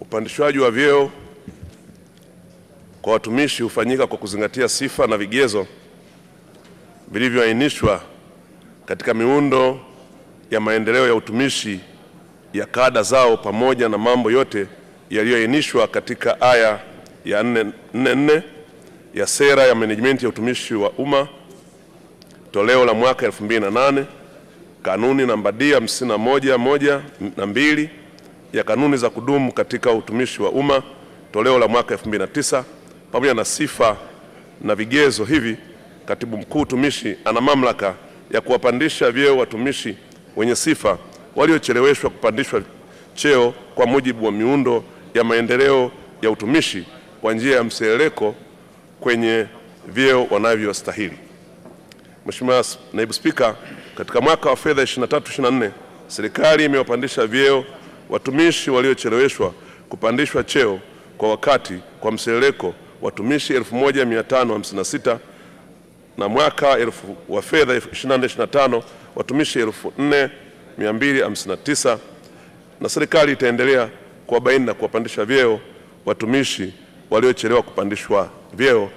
Upandishwaji wa vyeo kwa watumishi hufanyika kwa kuzingatia sifa na vigezo vilivyoainishwa katika miundo ya maendeleo ya utumishi ya kada zao pamoja na mambo yote yaliyoainishwa katika aya ya 44 ya sera ya management ya utumishi wa umma toleo la mwaka 2008 kanuni namba D 51 moja na mbili ya kanuni za kudumu katika utumishi wa umma toleo la mwaka 2009. Pamoja na sifa na vigezo hivi, katibu mkuu utumishi ana mamlaka ya kuwapandisha vyeo watumishi wenye sifa waliocheleweshwa kupandishwa cheo kwa mujibu wa miundo ya maendeleo ya utumishi kwa njia ya mseleko kwenye vyeo wanavyostahili. Mheshimiwa Naibu Spika, katika mwaka wa fedha 23 24 serikali imewapandisha vyeo Watumishi waliocheleweshwa kupandishwa cheo kwa wakati kwa mseleko watumishi 1556 na mwaka elfu wa fedha 2025 watumishi 4259 na serikali itaendelea kuwabaini na kuwapandisha vyeo watumishi waliochelewa kupandishwa vyeo.